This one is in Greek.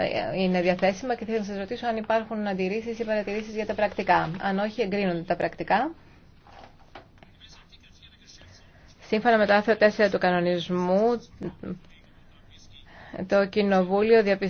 Ε, είναι διαθέσιμα και θέλω να σα ρωτήσω αν υπάρχουν αντιρρήσει ή παρατηρήσει για τα πρακτικά. Αν όχι, εγκρίνονται τα πρακτικά. Σύμφωνα με το άρθρο 4 του κανονισμού, το Κοινοβούλιο διαπιστώνει